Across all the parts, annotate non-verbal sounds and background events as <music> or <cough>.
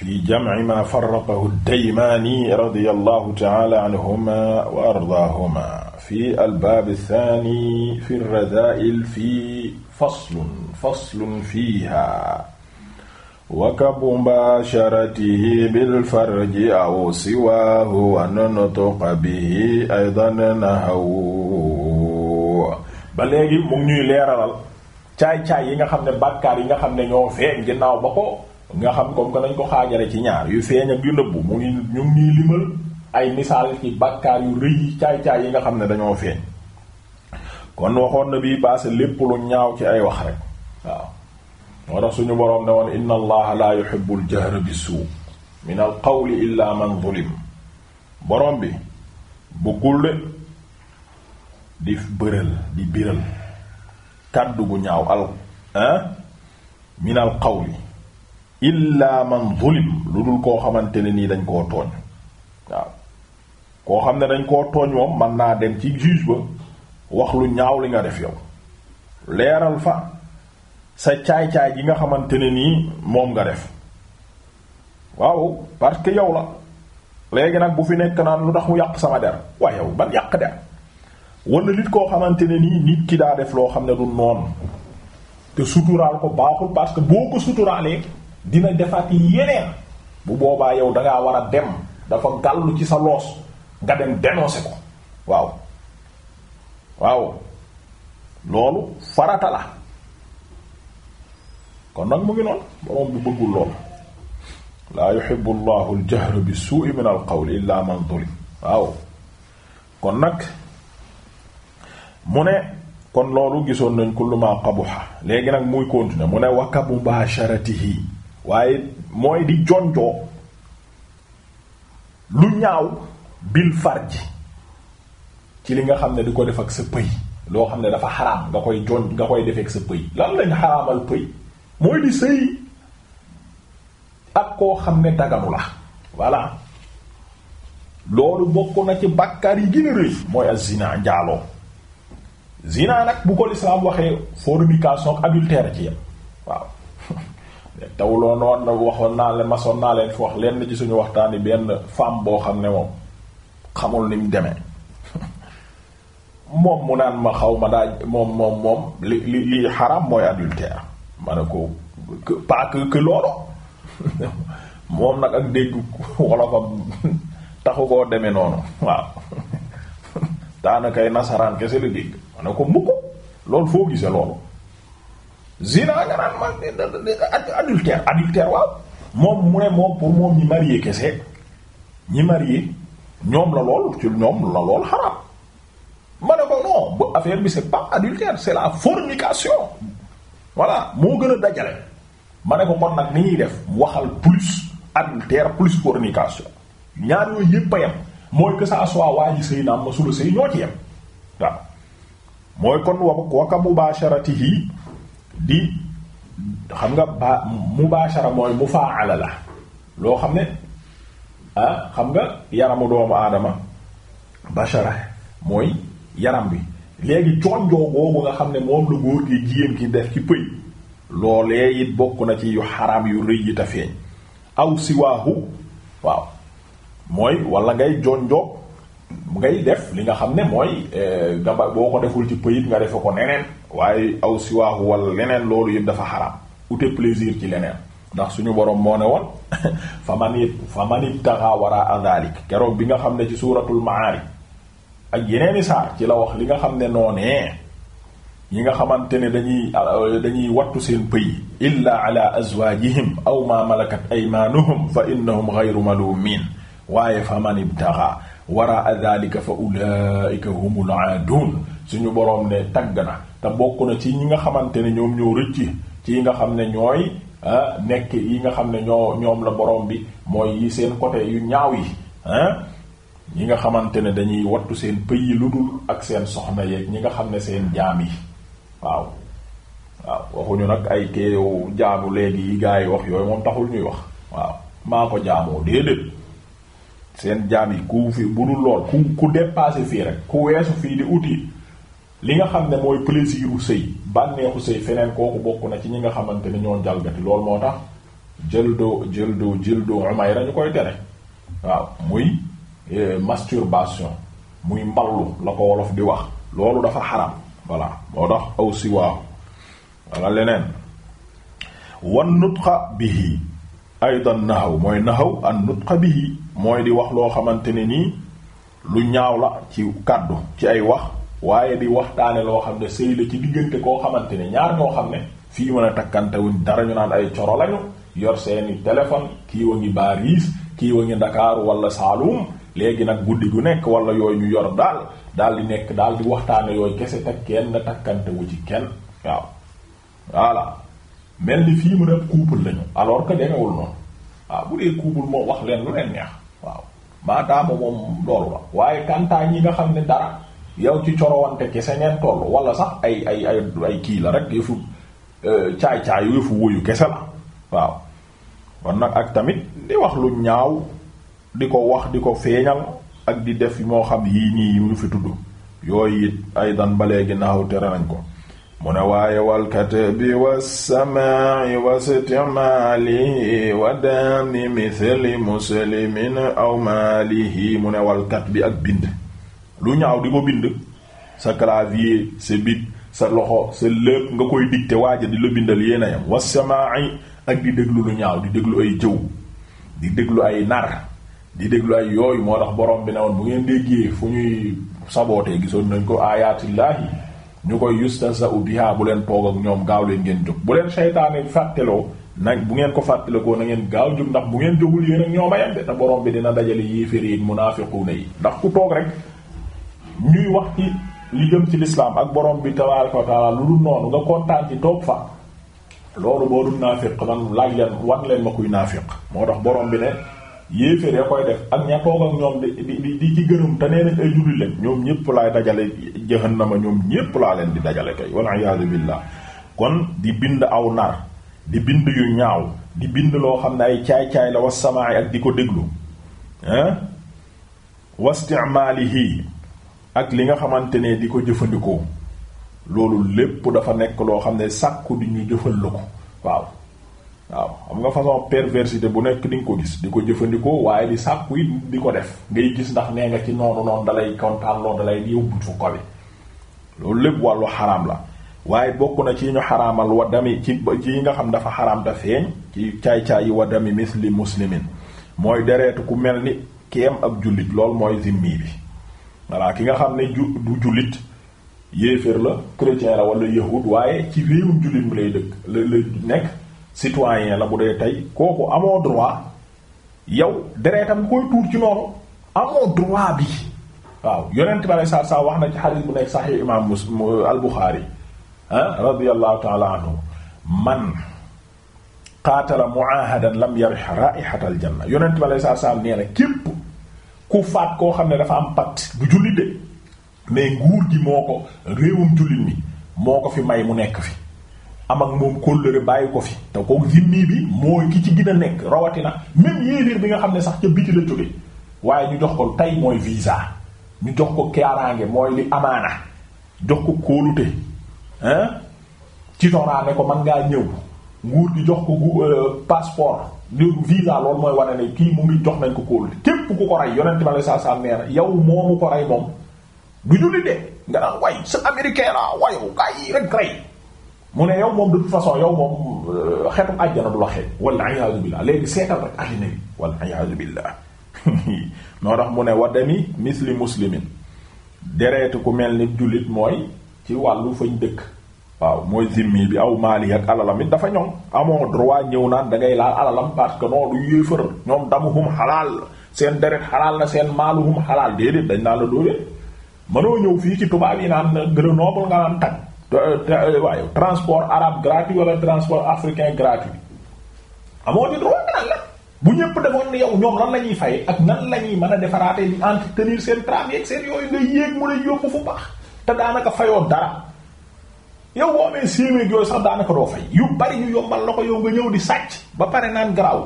fi jam'i ma farraqahu ad-Daymaani radiyallahu ta'ala anhuma wa ardaahuma fi al-baab ath-thaani fi ar-razaa'il fi faslun faslun fiihaa wa ka mubaasharatihi bil-farji aw siwaahu wa nutqa bihi aydan nahawu ba léegi mu ngi ñuy leeralal caay-caay yi nga xam ne bàkkaar yi nga xam ne ñoo feeñ ginnaaw ba ko nga xam comme que nañ ko xaajale ci ñaar yu feeñ ak yu nëbbu mu ngi ñu ngi limal ay misaal ci bàkkaar yu rëy yi caay-caay yi nga xam ne dañoo feeñ kon waxoon na bii baase lépp lu ñaaw ci ay wax rek waaw moo tax suñu boroom ne woon inna allaha la yuhibbu al jahra bi suu min al qawli illa man zulim boroom bi buggul de di bëral di biral kàddu gu ñaaw al ah min al illa man zulim lu dul koo xamante ne nii dañ koo tooñ waaw koo xam ne dañ koo tooñ moom man naa dem ci juge ba wax lu ñaaw li nga def yow leeral fa sa caay-caay gi nga xamante ne nii moom nga def waaw parce que yow la léegi nag bu fi nekk naan lu tax mu yàq sama der waaye yow ban yàq der wala nit koo xamante ne nii nit ki daa def loo xam ne du noonu te suturaal ko baaxul parce que boo ko suturaalee dina defaat yeneen bu boobaa yow da war a dem dafa gàllu ci sa loos nga dem dénoncer ko waaw waaw loolu farata la kon nag mu ngi noonu borom bi bëggul lool laa yuhibbu llahu al-jahra bis-su'i min al-qawli illa man zulim waaw kon nag mu ne kon loolu gisoon nañ kullu ma qabuha léegi nag muy continuer mu ne wa ka waaye mooy di joncoo lu ñaaw bil ji ci li nga xam ne di ko def ak sa pëy loo xam ne dafa xaraam nga koy jon nga koy defeek sa pëy lan lañ xaraamal pëy mooy di sëy ak koo xam ne daganu la voilà loolu bokk na ci bàkkaar yi gën a rëy mooy ak zina njaaloo zina nag bu ko lislaam waxee fornication ak adultère ci yam waaw tawloo noonu nag waxoon naa leen masoon naa leen fi wax lenn ci suñu waxtaan benn femme boo xam ne moom xamul ni mu demee <laughs> moom mu naan ma xaw ma daa moom moom moom ma ne ko pas que que loolu <laughs> nag ak dégg wolofam <laughs> taxu koo demee noonu waaw daanakay nasaraan kese la dégg ma ne ko mukk loolu foo gisee loolu. zina nga naan man adultère adultère waaw moom mu ne moom pour moom ñi marié kese ñi marié ñoom la lool ci ñoom la lool xaraam ma ne ko non ba affaire bi c'est pas adultère c'est la fornication voilà moo gën a dajale ma ne ko kon nag ni ñuy def waxal plus adultère plus fornication ñaar yooyu yëpp a yem mooy que ça soit waa sëy naam ma sula sëy ñoo ci yem waaw mooy kon wa waka mubasharatihi di xam nga ba mubaashara mooy mufaala la loo xam ne ah xam nga yaramu doomu aadama bashara mooy yaram bi léegi conjoo boobu nga xam ne moom lu góor gi jigéen ki def ci pëy loolee it bokk na ci yu xaraam yu rëy yi feeñ aw siwaahu waaw mooy walla ngay jonjoo ngay def li nga xam ne mooy eh, gaba boo ko deful ci pëyit nga defe ko neneen waaye aw siwaahu wala leneen loolu yëpp dafa xaraam ute plaisir ci leneen ndax suñu borom moo ne woon <laughs> fa manit fa manit taxa wara andalik keroog bi nga xam ne ci suuratul maarij ak yeneeni saar ci la wax li nga xam ne noonee ñi nga xamante ne dañuy euh, dañuy wattu seen pëy illa ala azwaajihim aw ma malakat aymaanuhum fa innahum ghayru malumin waaye fa man ibtaxa wara dhalika fa ulaika humul aadun suñu boroom ne tagg na te bokk na ci ñi nga xamante ne ñoom ñoo rëcc ci yi nga xam ne ñooy ah, nekk yi nga xam ne ñoo ñoom la boroom bi mooy yi seen côté yu ñaaw yi ah ñi nga xamante ne dañuy wattu seen pëy yi lu ak seen soxna ñi nga xam ne seen jaam yi waaw waaw waxuñu nag ay keew jaamu léegi yi gaa yi wax yooyu moom taxul ñuy wax waaw maa ko jaamoo déedéet seen jaam yi ku fi bu dul lool ku ku dépassé fii rek ku weesu fii di uti li nga xam ne mooy plaisir u sëy bànneexu sëy feneen kooku bokk na ci ñi nga xamante ni ñoo jalgati loolu moo tax jëldoo jëldoo jëldoo umayra koy tere waaw muy euh, masturbation muy mballu la ko wolof di wax loolu dafa xaram voilà moo tax aw siwaaw wala leneen wan nutqa bihi aydan nahaw mooy nahaw an nutqa bihi mooy di wax loo xamante ne nii lu ñaaw la ci kàddu ci ay wax waaye di waxtaane loo xam ne sëy la ci diggante koo xamante ne ñaar ñoo xam ne fii mën a takkantewuñ dara ñu naan ay coro lañu yor seeni téléphone kii wa ngi Paris kii wa ngi Dakar wala Saloum léegi nag guddi gu nekk wala yooyu ñu yor daal daal di nekk daal di waxtaane yooyu kese te kenn takkantewu ci kenn waaw voilà mel ni fii mën a couple lañu alors que demewul noonu waaw bu dee couple moom wax leen lu leen neex waaw maadaama moom loolu la waaye yow ci corowante kese ngeen toll wala sax ay ay ay kii la rek fu euh, caay-caayu yëfu woyu kese la waaw kon nag ak tamit di wax lu ñaaw di ko wax di ko feeñal ak di def moo xam yi ñii yi fi tudd yooyu it ay dan ba léegi naaw tere nañ ko mu ne waaye walkatabi wasamai wastimalihi wa dami mithli muslimin aw maalihi mu ne walkat bi ak bind lu ñaaw di ko bind sa clavier sa bit sa loxo sa lépp nga koy dicter waaja di la bindal yéen a yam wasamai ak di déglu lu ñaaw di déglu ay jëw di déglu ay nar di déglu ay yooyu moo tax borom bi ne woon bu ngeen déggee fu ñuy sabootee gisoon nañ ko ayatillaahi ñu koy yustaza'u biha bu leen toog ak ñoom gaaw leen ngeen jóg bu leen seytaane fàtteloo nag bu ngeen ko fàttalikoo na ngeen gaaw jóg ndax bu ngeen jógul yéen ak ñoom a te borom bi dina dajale yéeféer yi munaafiquuna yi ndax ku toog rek ñuy wax ci li jëm ci lislaam ak borom bi tabaaraka wa lu dul noonu nga kontaan ci toog fa loolu boo dul naafiq man laaj leen wan ma kuy naafiq moo tax borom bi ne yéeféer ya koy def ak ña toog ak ñoom di di di ci gërëm te nee ay julli lañ ñoom ñépp laay dajale jahannama ñoom ñépp laa leen di dajale kay wal iyaadu billaah kon di bind aw nar di bind yu ñaaw di bind loo xam ne ay caay-caay la was samaay ak di ko déglu ah wastimalihi ak li nga xamante ne di ko jëfandikoo loolu lépp dafa nekk loo xam ne sàkku bi ñuy jëfal la ko waaw waaw xam nga façon perversité bu nekk di nga ko gis di ko jëfandikoo waaye di sàkku it di ko def ngay gis ndax nee nga ci noonu noonu dalay kontaan loolu dalay yóbbu fu kawe loolu lépp wàllu xaraam la waaye bokk na ci ñu xaraamal wa dami ci ci yi nga xam dafa xaraam te feeñ ci caay-caay yi wa dami misli muslimin mooy dereetu ku mel ni keem ab jullit loolu mooy bi voilà ki nga xam ne ju du jullit yéeféer la chrétien la wala yahud waaye ci réewum jullit mu lay dëkk la lay nekk citoyen la mu dee tey kooku amoo droit yow deretam koy tuur ci noonu amoo droit bi waaw yonent bi saa saa wax na ci xadiis bu nekk saxiix imaam muslim al-Buxaari ah radiyallahu taala anhu man qaatala mu'aahadan lam yarih raa'ihata al yonent bi saa saa nee na képp ku faat koo xam ne dafa am pacte bu jullit de mais nguur gi moo ko réewum jullit mi moo ko fi may mu nekk fi am ak moom kóllëre bàyyi ko fi te ko nii bi mooy ki ci gën nekk rawatina même yéeréer bi nga xam ne sax ca biti la jóge waaye ñu jox ko tey mooy visa ñu jox ko kaaraange mooy li amaana jox ko kóolute hein ci toraane ko man ngaa ñëw nguur gi jox ko gu euh, passeport néew visa loolu mooy wane ne kii mu ngi jox nañ ko kóol képp ku ko rey yonent ma la saa saa nee na yow moomu ko rey moom du julli de nga naan way sa américain la wayu gaa yi rek rey mu ne yow moom de façon yow moom euh, xetum àjjana du la xeet walla iyaazu billah léegi seetal rek àddina bi walla iyaazu billah noo <laughs> tax mu ne waddami misli muslimin dereetu ku mel ni jullit mooy ci wàllu fañ dëkk waaw mooy zimmi bi aw maali ak alalam it dafa ñoŋ amoo droit ñëw naan da ngay laal alalam parce que non du yéefar ñoom damuhum xalaal seen deret xalaal na seen maaluhum xalaal déedéet dañ naan la doole mënoo ñëw fii ci tubaab yi naan Grenoble nga naan tag waaye transport arabe gratuit wala transport africain gratuit amoo ni droit naan la bu ñëpp defoon ne yow ñoom lan la ñuy fay ak nan la ñuy mën a defaraatee di entretenir seen tram yeeg te daanaka fayoo dara yow boo amee séeméeg yooyu sax daanaka doo fay yu bari ñu yombal la ko yow nga ñëw di sàcc ba pare naan garaaw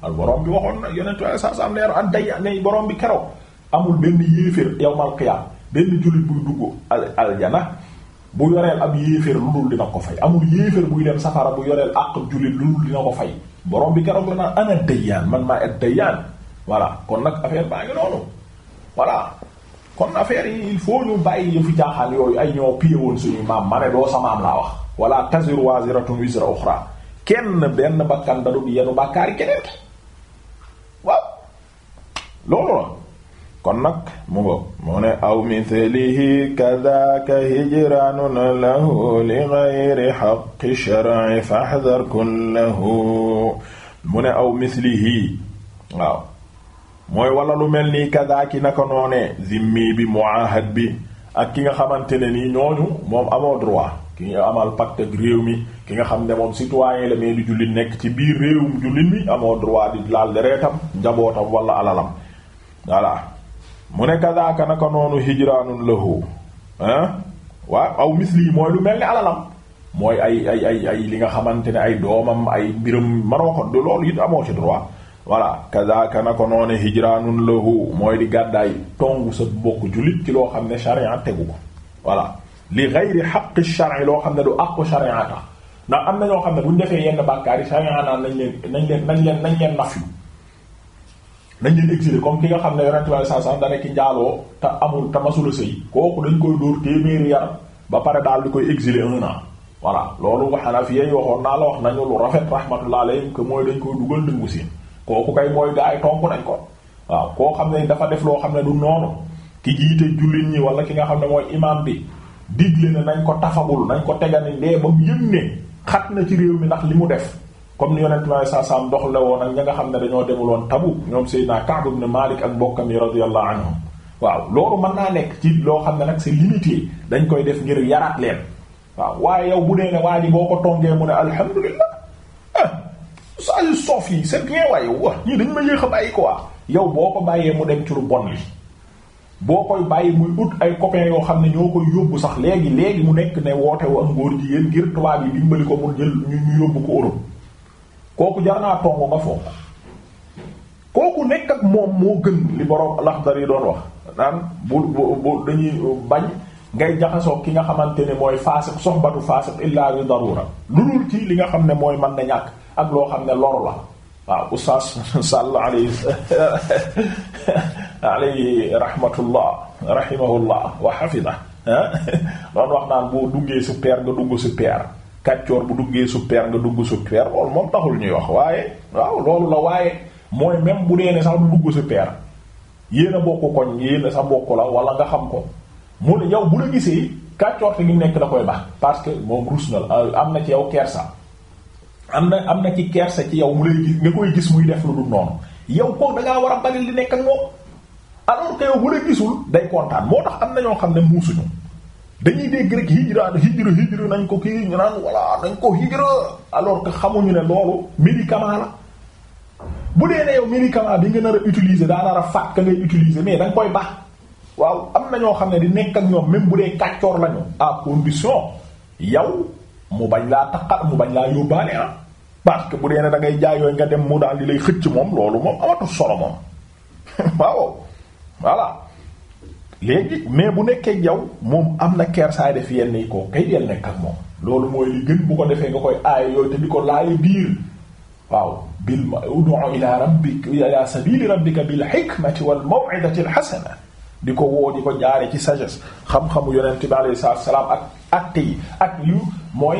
ak borom bi waxoon na yonentu Yàlla sa sam leero ak day ne borom bi keroog amul benn yéeféer yawmal qiyaam benn jullit buy dugg al aljana bu yoreel ab yéeféer lu dul dina ko fay amul yéeféer buy dem safara bu yoreel àq jullit lu dul dina ko fay borom bi keroog la naan ana dayyaan man maa ad dayyaan voilà kon nag affaire baa ngi noonu voilà kon affaire yi il faut ñu bàyyi yëfu caaxaan yooyu ay ñoo piye woon suñuy maam ma ne doo sa maam laa wax wala taziru waziratun wizra ukhra kenn benn bakkan da du yenu bàkkaari keneen waaw loolu la kon nag mu ngo mu ne aw mithlihi kadaka hijranun lahu li ghayri haqqi shar'i fahdhar kullahu mu ne aw mithlihi mooy wala lu mel nii kazaaki naka noonee zimmi bi muahad bi ak ki nga xamante ne nii ñooñu moom amoo droit ki amal pacte ak réew mi ki nga xam ne moom citoyen la mais du jullit nekk ci biir réewum jullit mi amoo droit di laal dereetam njabootam wala alalam voilà mu ne kazaaka naka noonu hijraanun lahu ah waaw aw misli mooy lu mel ni alalam mooy ay ay ay ay li nga xamante ne ay doomam ay mbiram manoo ko loolu it amoo ci droit voilà kazaka na ko noone hijraanun lahu mooy di gàddaay tongu sa bokk jullit ci loo xam ne sharia tegu ko voilà li gayri xaqi sharia loo xam ne du àqu sharia tax ndax am na ñoo xam ne bu buñ defee yenn bàkkaar yi sharia naan nañ leen nañ leen nañ leen nañ leen naf yu nañ leen exilé comme ki nga xam ne yonent bi saa saam dana ki njaaloo te amul te masula sëy kooku dañ koy dóor téeméeri yaram ba pare daal di koy exilé un an voilà loolu nga xanaa fi yeey waxoon naa la wax nañu lu rafet rahmatullah alayhim que mooy dañ koy dugal dëngu kooku kay mooy gaa yi tonk nañ ko waaw koo xam ne dafa def loo xam ne du noonu ki jiite jullit ñi wala ki nga xam ne mooy imaam bi digle ne nañ ko tafagul nañ ko tegani dee ba mu yëg ne xat na ci réew mi ndax li mu def comme ni yonent ma saa saam dox la woon ak ña nga xam ne dañoo demuloon Tabuk ñoom Seydina Ka'b ibn Malik ak mbokkam yi radiyallahu anhum waaw loolu mën naa nekk ci loo xam ne nag c'est limité dañ koy def ngir yaraat leen waaw waaye yow bu dee waa ji boo ko tongee mu ne alhamdulillah sali soof yi c'est bien waaye wa ñii dañ ma yéex a ko quoi yow boo ko bàyyee mu dem ci lu bon li boo koy bàyyi muy ut ay copains yoo xam ne ñoo koy yóbbu sax léegi léegi mu nekk ne woote wu ak ngóor jigéen ngir tubaab yi dimbali ko mu jël ñu ñu yóbbu ko Europe kooku jar naa tongu nga foog kooku nekk ak moom moo gën li borom Laxdari doon wax naan bu bu dañuy bañ ngay jaxasoo ki nga xamante ne mooy faasiq soxbatu faasiq illaa bi darura lu dul li nga xam ne mooy mën na ñàkk. ak loo xam ne loru la waaw oustaz sàll alayhi <laughs> alayhi rahmatullah rahimahullah wa hafida loolu <laughs> wax naan boo duggee su nga dugg su peer bu duggee su nga dugg su peer loolu moom taxul ñuy wax waaye waaw loolu la waaye mooy même bu dee ne sax du dugg su peer yéen a bokk koñ yéen sa bokk la wala nga xam ko mu ne yow bu la gisee kàccoor te gi nekk da koy baax parce que moom ruus na la am na ci yow kersa am na am na ci kersa ci yow mu lay gis nga koy gis muy def lu dul noonu yow ko da ngaa war a bari li nekk ak moom alors que yow bu la gisul day kontaan moo tax am na ñoo xam ne muusuñu dañuy dégg rek hijra hijra hijra nañ ko kii ñu naan walla nañ ko hijra alors xamuñu ne loolu médicament la bu dee ne yow médicament bi nga a utiliser daa nar a faat ka mais da nga baax waaw am na ñoo xam ne di nekk ak ñoom même bu dee kàccoor lañu à condition yow mu bañ laa taqal mu bañ laa yóbbaale ah parce que bu dee ne da ngay jaay yooyu nga dem mu daal di lay xëcc moom loolu moom amatu solo moom <laughs> waaw voilà léegi mais bu nekkee jaw moom am na ker saa def yenn yi ko kay del nekk ak moom loolu mooy li gën bu ko defee nga koy aaya yooyu te di ko laay biir waaw bil ud'u ila rabbika ila sabili rabbika bil hikmati wal maw'izati al di ko woo di ko jaare ci sages xam-xamu yonent bi alayhi salaam ak acte yi ak yu mooy